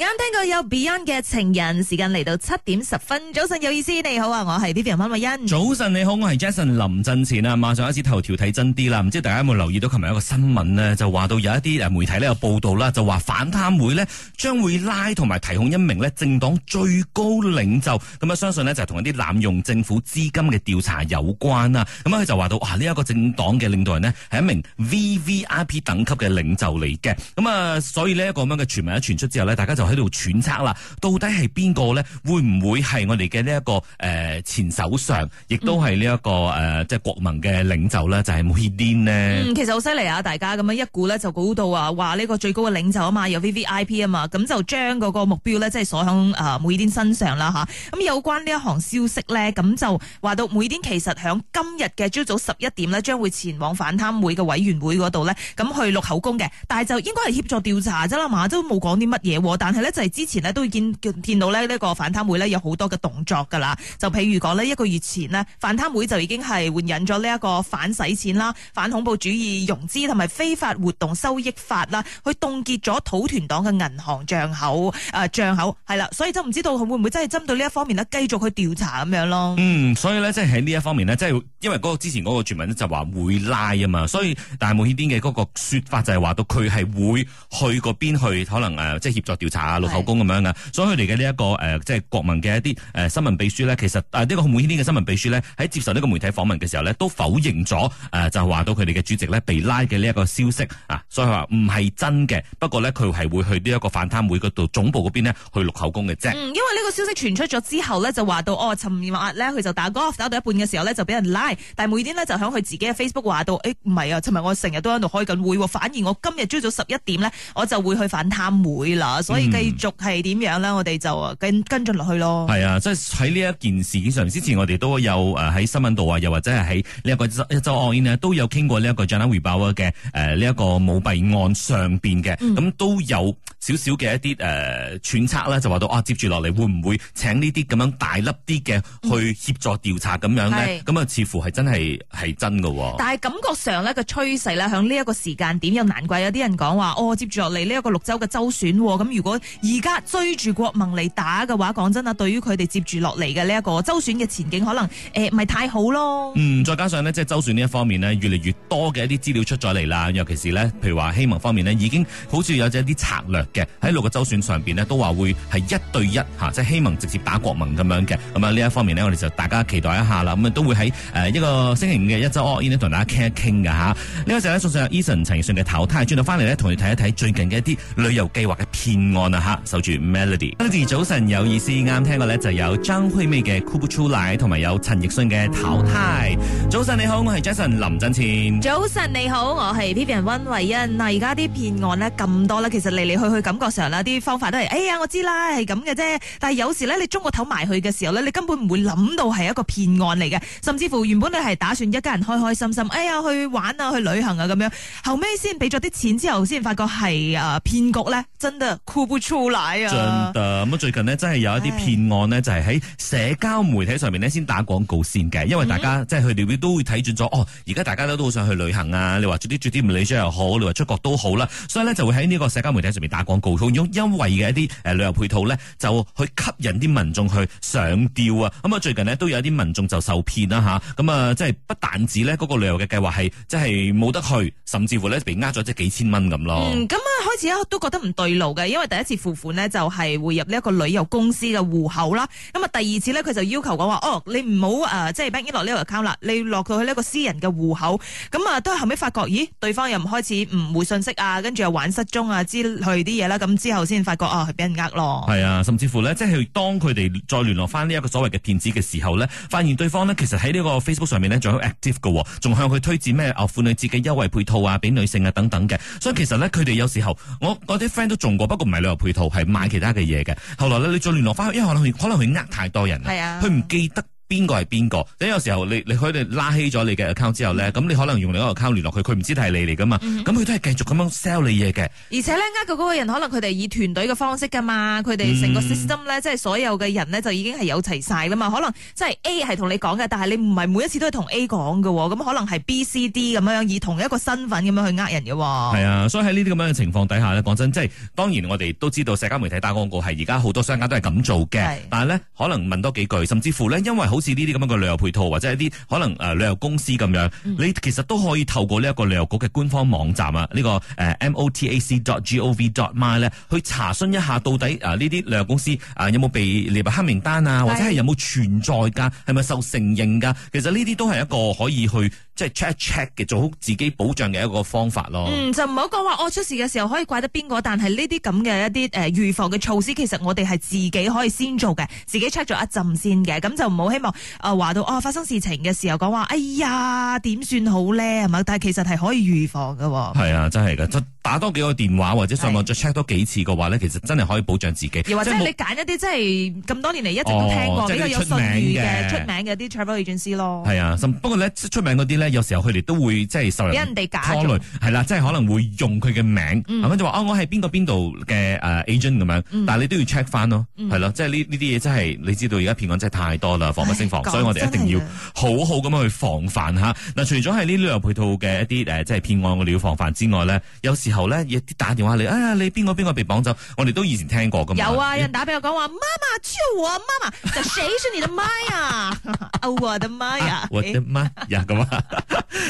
啱聽過有 Beyond 嘅情人，時間嚟到七點十分。早晨有意思，你好啊，我係 Vivian 潘偉殷。早晨你好，我係 Jason 林振前啊。馬上開始頭條睇真啲啦。唔知大家有冇留意到琴日一個新聞呢，就話到有一啲媒體呢有報道啦，就話反貪會呢將會拉同埋提控一名政黨最高領袖。咁啊，相信呢，就同一啲濫用政府資金嘅調查有關啊。咁佢就話到啊，呢一個政黨嘅領導人呢，係一名 V V R P 等級嘅領袖嚟嘅。咁啊，所以呢一個咁樣嘅傳聞一傳出之後呢，大家就。喺度揣測啦，到底係邊個咧？會唔會係我哋嘅呢一個誒、呃、前首相，亦都係呢一個誒即係國民嘅領袖咧？就係穆希丁呢？其實好犀利啊！大家咁樣一估咧，就估到啊，話、這、呢個最高嘅領袖啊嘛，有 V V I P 啊嘛，咁就將嗰個目標咧，即、就、係、是、鎖喺誒穆希丁身上啦吓，咁、啊、有關呢一行消息咧，咁就話到穆希丁其實喺今日嘅朝早十一點呢，將會前往反貪會嘅委員會嗰度咧，咁去錄口供嘅。但係就應該係協助調查啫啦，嘛都冇講啲乜嘢，但就係、是、之前咧都會見見到咧呢個反貪會咧有好多嘅動作㗎啦，就譬如講呢一個月前呢反貪會就已經係援引咗呢一個反洗錢啦、反恐怖主義融資同埋非法活動收益法啦，去凍結咗土團黨嘅銀行帳口誒、呃、帳口係啦，所以就唔知道佢會唔會真係針對呢一方面咧繼續去調查咁樣咯。嗯，所以呢，即係喺呢一方面呢，即係因為嗰之前嗰個傳聞就話會拉啊嘛，所以大毛顯邊嘅嗰個説法就係話到佢係會去嗰邊去可能誒即係協助調查。啊，錄是口供咁樣嘅，所以佢哋嘅呢一個誒、呃，即係國民嘅一啲誒、呃、新聞秘書咧，其實誒呢個每天嘅新聞秘書咧，喺接受呢個媒體訪問嘅時候咧，都否認咗誒、呃，就話到佢哋嘅主席咧被拉嘅呢一個消息啊，所以話唔係真嘅。不過呢，佢係會去呢一個反貪會嗰度總部嗰邊咧去錄口供嘅啫。因為呢個消息傳出咗之後呢，就話到哦，尋日晚黑佢就打 golf，打到一半嘅時候呢就俾人拉，但係每天呢，就喺佢自己嘅 Facebook 話到，誒唔係啊，尋日我成日都喺度開緊會喎、啊，反而我今日朝早十一點呢，我就會去反貪會啦，所以、嗯繼續係點樣咧？我哋就跟跟進落去咯。係啊，即係喺呢一件事件上，之前我哋都有誒喺新聞度啊，又或者係喺呢一個周案岸咧，都有傾過呢一個 Jana Wibawa 嘅誒呢一個舞弊案上邊嘅，咁、嗯嗯、都有少少嘅一啲誒、呃、揣測啦，就話到啊，接住落嚟會唔會請呢啲咁樣大粒啲嘅去協助調查咁樣咧？咁啊、嗯，是那似乎係真係係真嘅。但係感覺上咧個趨勢咧，喺呢一個時間點，又難怪有啲人講話哦，接住落嚟呢一個六州嘅州選咁，如果而家追住國盟嚟打嘅話，講真啊，對於佢哋接住落嚟嘅呢一個周選嘅前景，可能誒，唔係、呃、太好咯。嗯，再加上呢，即係周選呢一方面呢，越嚟越多嘅一啲資料出咗嚟啦。尤其是呢，譬如話希盟方面呢，已經好似有咗一啲策略嘅喺六個周選上邊呢，都話會係一對一吓，即係希盟直接打國盟咁樣嘅。咁啊呢一方面呢，我哋就大家期待一下啦。咁啊，都會喺誒、呃、一個星期五嘅一周 all in 同大家傾一傾嘅吓。這個、時候呢個就咧送上 Eason 陳奕迅嘅《淘汰》，轉到翻嚟呢，同你睇一睇最近嘅一啲旅遊計劃嘅騙案。守住 m e l o d y Melody 早晨有意思，啱聽過咧就有張惠妹嘅《哭不出來》，同埋有陳奕迅嘅《淘汰》。早晨你好，我係 Jason 林振前。早晨你好，我係 Vivian 溫慧欣。嗱，而家啲騙案呢咁多啦，其實嚟嚟去去，感覺上啦，啲方法都係，哎呀，我知啦，係咁嘅啫。但係有時呢，你中個頭埋去嘅時候呢，你根本唔會諗到係一個騙案嚟嘅，甚至乎原本你係打算一家人開開心心，哎呀，去玩啊，去旅行啊，咁樣，後尾先俾咗啲錢之後，先發覺係啊騙局咧，真嘅哭不出來啊！真嘅。咁啊，最近呢真係有一啲騙案呢就係喺社交媒體上面呢先打廣告先嘅，因為大家即係去都會睇準咗哦！而家大家都都好想去旅行啊！你話做啲唔理出又好，你話出國都好啦，所以咧就會喺呢個社交媒體上面打廣告，用優惠嘅一啲旅遊配套呢，就去吸引啲民眾去上釣啊！咁啊，最近咧都有一啲民眾就受騙啦吓，咁啊，即係不但止呢嗰個旅遊嘅計劃係即係冇得去，甚至乎咧俾呃咗即係幾千蚊咁咯。咁啊、嗯嗯、開始都覺得唔對路嘅，因為第一次付款呢，就係匯入呢一個旅遊公司嘅戶口啦。咁啊，第二次咧佢就要求講話哦，你唔好、呃、即係唔好 bank in 呢個 account 啦，你。落到去呢一個私人嘅戶口，咁啊都係後尾發覺，咦？對方又唔開始唔回信息啊，跟住又玩失蹤啊之類啲嘢啦，咁之後先發覺啊，佢、哦、俾人呃咯。係啊，甚至乎呢，即係當佢哋再聯絡翻呢一個所謂嘅騙子嘅時候呢，發現對方呢，其實喺呢個 Facebook 上面咧仲有 active 嘅，仲向佢推薦咩啊婦女節嘅優惠配套啊，俾女性啊等等嘅。所以其實呢，佢哋有時候我我啲 friend 都中過，不過唔係旅遊配套，係買其他嘅嘢嘅。後來呢，你再聯絡翻，因為可能可能佢呃太多人啦，佢唔、啊、記得。邊個係邊個？等有時候你你佢哋拉黑咗你嘅 account 之後咧，咁你可能用另一個 account 聯絡佢，佢唔知係你嚟噶嘛？咁佢、嗯、都係繼續咁樣 sell 你嘢嘅。而且咧，呃佢嗰個人可能佢哋以團隊嘅方式噶嘛，佢哋成個 system 咧、嗯，即係所有嘅人咧就已經係有齊晒噶嘛。可能即係 A 係同你講嘅，但係你唔係每一次都係同 A 講嘅，咁可能係 B、C、D 咁樣以同一個身份咁樣去呃人嘅。係啊，所以喺呢啲咁樣嘅情況底下咧，講真，即係當然我哋都知道社交媒體打廣告係而家好多商家都係咁做嘅。是但係咧可能問多幾句，甚至乎咧，因為好。似呢啲咁樣嘅旅遊配套，或者一啲可能誒、呃、旅遊公司咁樣，嗯、你其實都可以透過呢一個旅遊局嘅官方網站啊，呢、這個誒、呃、m o t a c dot g o v dot my 咧去查詢一下到底誒呢啲旅遊公司誒、呃、有冇被列入黑名單啊，或者係有冇存在噶，係咪受承認噶？其實呢啲都係一個可以去。即係 check check 嘅，做好自己保障嘅一個方法咯。嗯，就唔好講話我出事嘅時候可以怪得邊個，但係呢啲咁嘅一啲誒預防嘅措施，其實我哋係自己可以先做嘅，自己 check 咗一浸先嘅，咁就唔好希望啊話、呃、到哦發生事情嘅時候講話，哎呀點算好咧係咪？但係其實係可以預防㗎。係啊，真係㗎 打多幾個電話或者上網再 check 多幾次嘅話咧，其實真係可以保障自己。又或者你揀一啲即係咁多年嚟一直都聽過即啲有出名嘅出名嘅啲 travel agency 咯。係啊，不過咧出名嗰啲咧，有時候佢哋都會即係受人拖累，係啦，即係可能會用佢嘅名，咁就話我係邊個邊度嘅誒 agent 咁樣，但係你都要 check 翻咯，係咯，即係呢呢啲嘢真係你知道而家騙案真係太多啦，防不勝防，所以我哋一定要好好咁樣去防範吓。嗱，除咗係呢旅遊配套嘅一啲誒，即係騙案我哋要防範之外咧，有時。後咧亦打電話嚟，啊你邊個邊個被綁走？我哋都以前聽過噶。有啊，有人打俾我講話，媽媽，救我媽媽，誰是你的媽、啊、 呀？我的媽呀，我的媽呀咁啊！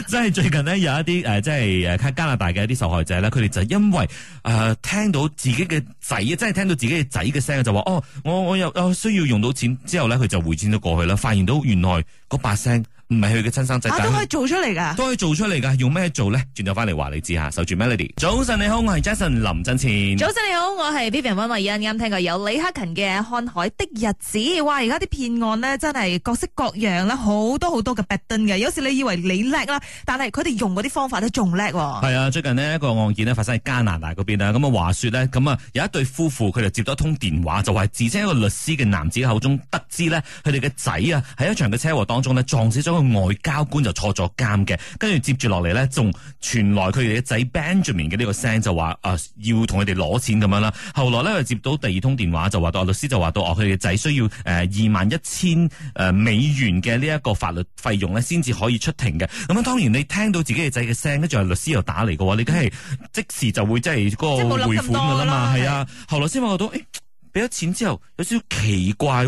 即係最近呢有一啲誒，即係誒加拿大嘅一啲受害者咧，佢哋就因為誒、呃、聽到自己嘅仔，即係聽到自己嘅仔嘅聲，就話哦，我我又需要用到錢，之後咧佢就匯錢咗過去啦，發現到原來個把聲。唔係佢嘅親生仔。吓、啊、但都可以做出嚟噶，都可以做出嚟噶。用咩做咧？轉頭翻嚟話你知吓，守住 Melody。早晨你好，我係 Jason 林振前。早晨你好，我係 Vivian 溫文雅。啱聽過有李克勤嘅《看海的日子》。哇！而家啲騙案呢，真係各式各樣啦，好多好多嘅 baden 嘅。有時你以為你叻啦，但係佢哋用嗰啲方法都仲叻。係啊，最近呢一個案件咧發生喺加拿大嗰邊啊，咁啊，話說咧，咁啊有一對夫婦佢哋接到通電話，就話自稱一個律師嘅男子口中得知呢，佢哋嘅仔啊喺一場嘅車禍當中呢，撞死咗。外交官就坐咗監嘅，跟住接住落嚟咧，仲傳來佢哋嘅仔 Benjamin 嘅呢個聲，就話、啊、要同佢哋攞錢咁樣啦。後來咧又接到第二通電話，就話到：「律師就話到我佢嘅仔需要誒、呃、二萬一千誒美元嘅呢一個法律費用咧，先至可以出庭嘅。」咁樣當然你聽到自己嘅仔嘅聲，跟住係律師又打嚟嘅話，你梗係即時就會即係個匯款噶啦嘛。係啊，後來先發覺到誒，俾、欸、咗錢之後有少少奇怪，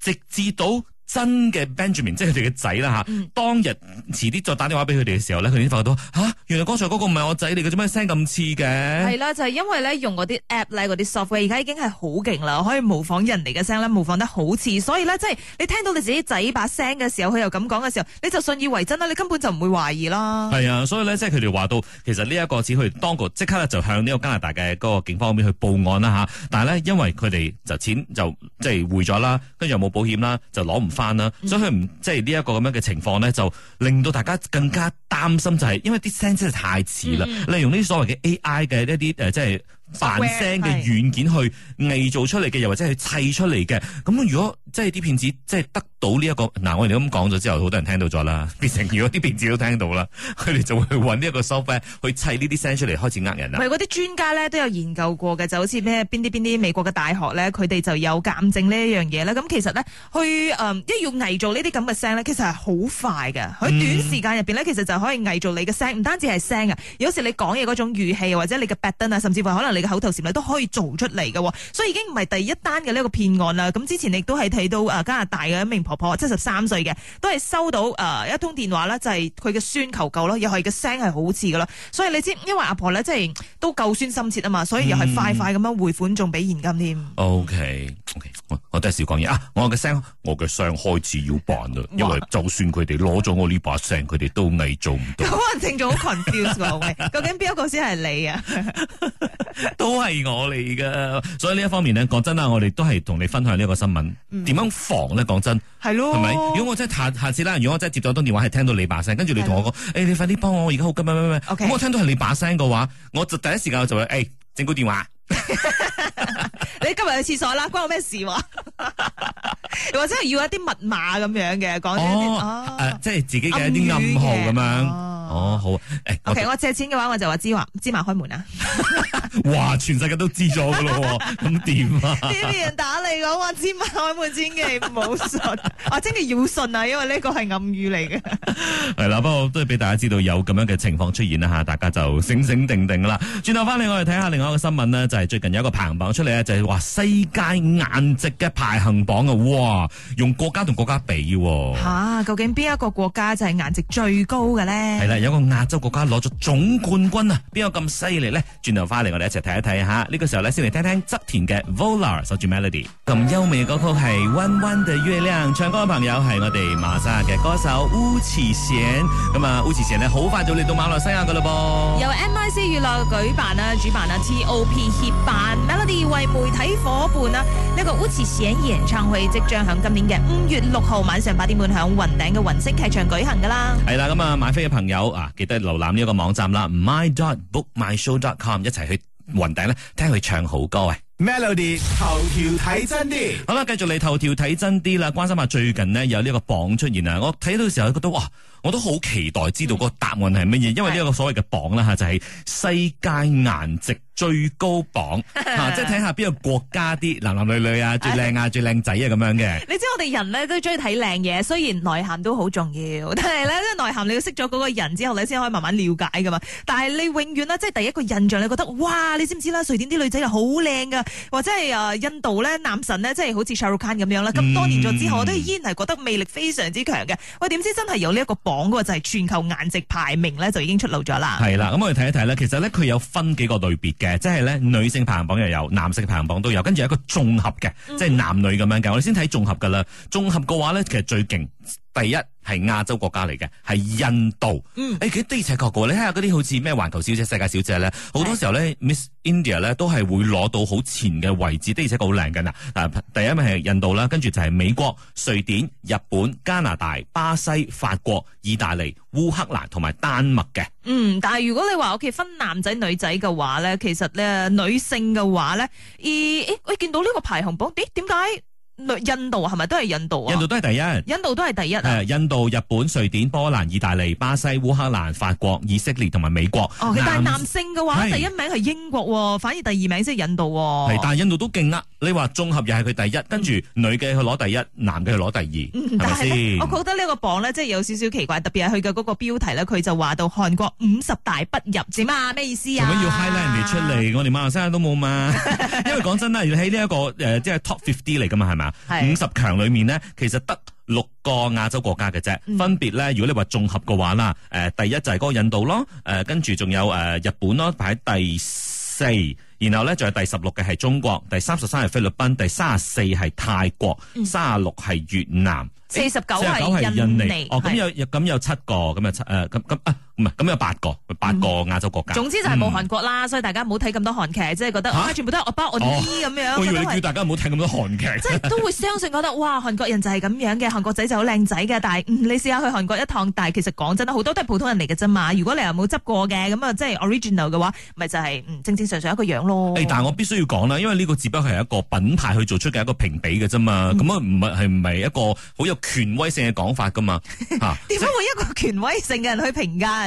直至到。真嘅 Benjamin，即係佢哋嘅仔啦嚇。嗯、當日遲啲再打電話俾佢哋嘅時候咧，佢已經發覺到嚇、啊，原來剛才嗰個唔係我仔，你做咩聲咁似嘅？係啦，就係、是、因為咧用嗰啲 app 啲 software 而家已經係好勁啦，可以模仿人哋嘅聲咧，模仿得好似，所以咧即係你聽到你自己仔把聲嘅時候，佢又咁講嘅時候，你就信以為真啦，你根本就唔會懷疑啦。係啊，所以咧即係佢哋話到，其實呢一個只佢當當局即刻就向呢個加拿大嘅嗰個警方邊去報案啦嚇。但係咧，因為佢哋就錢就。即係匯咗啦，跟住又冇保險啦，就攞唔翻啦。所以佢唔即係呢一個咁樣嘅情況咧，就令到大家更加擔心就係、係，因為啲聲真係太似啦。例如、嗯、用呢啲所謂嘅 AI 嘅一啲即係。呃即係扮聲嘅軟件去偽造出嚟嘅，是又或者去砌出嚟嘅。咁如果即係啲騙子，即係得到呢、這、一個，嗱、啊、我哋咁講咗之後，好多人聽到咗啦。變成如果啲騙子都聽到啦，佢哋 就會去搵呢一個 software 去砌呢啲聲出嚟，開始呃人啦。唔係，嗰啲專家咧都有研究過嘅，就好似咩邊啲邊啲美國嘅大學咧，佢哋就有鑒證呢一樣嘢啦。咁其實咧，去誒一、呃、要偽造呢啲咁嘅聲咧，其實係好快嘅。喺短時間入邊咧，嗯、其實就可以偽造你嘅聲，唔單止係聲啊，有時你講嘢嗰種語氣，或者你嘅 intonation 啊，甚至乎可能。你嘅口頭禪咧都可以做出嚟嘅，所以已經唔係第一單嘅呢個騙案啦。咁之前亦都係睇到啊加拿大嘅一名婆婆，七十三歲嘅，都係收到誒、呃、一通電話咧，就係佢嘅孫求救咯，又係個聲係好似噶啦。所以你知，因為阿婆咧即係都救孫心切啊嘛，所以又係快快咁樣匯款，仲俾現金添。嗯、o、okay, K，、okay, 我第都少講嘢啊！我嘅聲，我嘅聲開始要扮啦，嘩因為就算佢哋攞咗我呢把聲，佢哋都偽做唔到。可能聽眾好 confused 喎，喂，究竟邊一個先係你啊？ 都係我嚟㗎，所以呢一方面咧，講真啦，我哋都係同你分享呢一個新聞，點樣防咧？講真係咯，係咪的？如果我真係下下次啦，如果我真係接咗多電話，係聽到你把聲，跟住你同我講，誒的、欸，你快啲幫我，我而家好急咩咩咩。Okay」咁我聽到係你把聲嘅話，我就第一時間我就會，誒、欸，整蠱電話。 你今日去廁所啦，關我咩事啊？ 又或者係要一啲密碼咁樣嘅，講一啲誒、哦哦呃，即係自己嘅一啲暗號咁樣。哦，哦，好。欸、o Okay , K，我，我借錢嘅話，我就話芝麻芝麻開門啊！ 哇，全世界都知咗咯，咁點 啊？啲人打嚟講，話芝麻開門千祈唔好信， 啊，千祈要信啊，因為呢個係暗語嚟嘅。係啦， 不過都係俾大家知道有咁樣嘅情況出現啦吓，大家就醒醒定定啦。轉頭翻嚟，我哋睇下另外一個新聞呢，就係、是、最近有一個排行榜出嚟就係、是、話世界顏值嘅排行榜啊。哇、啊！用國家同國家比喎、哦啊，究竟邊一個國家就係顏值最高嘅咧？係啦，有個亞洲國家攞咗總冠軍啊！邊個咁犀利咧？轉頭翻嚟，我哋一齊睇一睇嚇。呢個時候咧，先嚟聽聽側田嘅《Vola》守《住 Melody》，咁優美嘅歌曲係《彎彎的月亮》。唱歌嘅朋友係我哋馬來西亞嘅歌手烏慈賢，咁啊烏慈賢呢，好快就嚟到馬來西亞噶嘞噃。由 M I C 娛樂舉辦啊，主辦啊 T O P 協辦，Melody 為媒體伙伴啊，呢、呢個烏慈賢演唱會即將。將喺今年嘅五月六號晚上八點半，響雲頂嘅雲色劇場舉行噶啦。係啦，咁啊，買飛嘅朋友啊，記得瀏覽呢一個網站啦，my dot book my show dot com，一齊去雲頂咧，聽佢唱好歌啊。Melody 頭條睇真啲，好啦，繼續嚟頭條睇真啲啦。關心下，最近呢有呢個榜出現啊，我睇到嘅時候覺得哇！我都好期待知道個答案係乜嘢，嗯、因為呢個所謂嘅榜啦吓、嗯、就係世界顏值最高榜，即係睇下邊個國家啲男男女女啊最靚啊、哎、呀最靚仔啊咁樣嘅。你知我哋人咧都中意睇靚嘢，雖然內涵都好重要，但係咧內涵你要識咗嗰個人之後，你先可以慢慢了解噶嘛。但係你永遠咧即係第一個印象，你覺得哇！你知唔知啦？瑞典啲女仔又好靚噶，或者係啊印度咧男神咧，即係好似 Shahrukh Khan 咁樣啦。咁、嗯、多年咗之後我都依然係覺得魅力非常之強嘅。喂、哎，點知真係有呢一個榜？講嗰個就係全球顏值排名咧，就已經出爐咗啦。係啦，咁我哋睇一睇咧，其實咧佢有分幾個類別嘅，即係咧女性排行榜又有，男性排行榜都有，跟住有一個綜合嘅，即係、嗯、男女咁樣嘅。我哋先睇綜合噶啦，綜合嘅話咧，其實最勁。第一係亞洲國家嚟嘅，係印度。嗯，誒、欸，佢的而且確嘅，你睇下嗰啲好似咩環球小姐、世界小姐咧，好多時候咧是，Miss India 咧都係會攞到好前嘅位置，的而且確好靚嘅嗱。第一咪係印度啦，跟住就係美國、瑞典、日本、加拿大、巴西、法國、意大利、烏克蘭同埋丹麥嘅。嗯，但係如果你話我哋分男仔女仔嘅話咧，其實咧女性嘅話咧，咦、欸？誒、欸，我、欸、見到呢個排行榜，咦、欸？點解？印度係咪都係印度啊？印度都係第一，印度都係第一誒、啊，印度、日本、瑞典、波蘭、意大利、巴西、烏克蘭、法國、以色列同埋美國。哦，但係男性嘅話男第一名係英國、啊，是反而第二名即係印度、啊。但係印度都勁啊！你話綜合又係佢第一，跟住女嘅去攞第一，嗯、男嘅去攞第二。嗯、但係我覺得呢個榜咧即係有少少奇怪，特別係佢嘅嗰個標題咧，佢就話到韓國五十大不入展啊，咩意思啊？做咩要 highlight 人哋出嚟？我哋馬來西亞都冇嘛？ 因為講真啦，要喺呢一個誒即係 Top 50嚟噶嘛，係咪？五十強裏面咧，其實得六個亞洲國家嘅啫，分別咧。如果你話綜合嘅話啦，誒、呃，第一就係嗰個印度咯，誒、呃，跟住仲有誒、呃、日本咯，排喺第四，然後咧仲有第十六嘅係中國，第三十三係菲律賓，第三十四係泰國，三十六係越南，四十九係印尼。哦，咁有咁是的 有七個，咁啊七誒咁咁啊。唔係，咁、嗯、有八個，八個亞洲國家。總之就係冇韓國啦，嗯、所以大家唔好睇咁多韓劇，即、就、係、是、覺得、啊、全部都係我包我姨咁樣。我以為你叫大家唔好睇咁多韓劇。即係都會相信覺得 哇，韓國人就係咁樣嘅，韓國仔就好靚仔嘅。但係、嗯，你試下去韓國一趟，但係其實講真啦，好多都係普通人嚟嘅啫嘛。如果你又冇執過嘅，咁啊，即係 original 嘅話，咪就係、是、正正常常一個樣咯。欸、但係我必須要講啦，因為呢個只不過係一個品牌去做出嘅一個評比嘅啫嘛。咁啊、嗯，唔係係唔係一個好有權威性嘅講法噶嘛？嚇、啊，點解 會一個權威性嘅人去評價？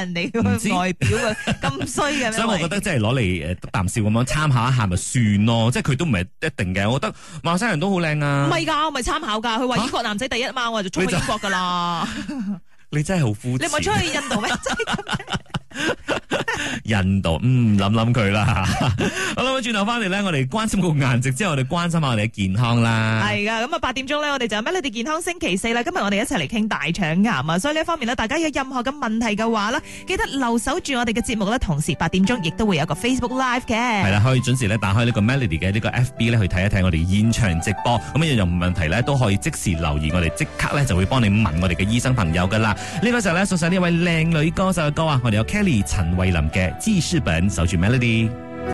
人哋外表咁唔知，咁衰嘅咩？ 所以我覺得即係攞嚟誒得啖笑咁樣參考一下咪算咯， 即係佢都唔係一定嘅。我覺得陌生人都好靚啊，唔係噶，我咪參考噶。佢話英國男仔第一嘛，蛤我就衝去英國噶啦。你，就 你真係好膚淺，你唔係出去印度咩？ 印度，嗯，諗諗佢啦吓。好啦，我轉頭翻嚟咧，我哋關心個顏值之後，我哋關心下我哋嘅健康啦。係啊，咁啊八點鐘咧，我哋就有 Melody 健康星期四啦。今日我哋一齊嚟傾大腸癌啊！所以呢一方面咧，大家有任何嘅問題嘅話咧，記得留守住我哋嘅節目咧，同時八點鐘亦都會有個 Facebook Live 嘅。係啦，可以準時咧打開呢個 Melody 嘅呢個 FB 咧去睇一睇我哋現場直播。咁啊有任何問題咧，都可以即時留言，我哋即刻咧就會幫你問我哋嘅醫生朋友噶啦。呢個時候咧，送上呢位靚女歌手嘅歌啊，我哋有。陳慧琳嘅記事本，守住 Melody。Mel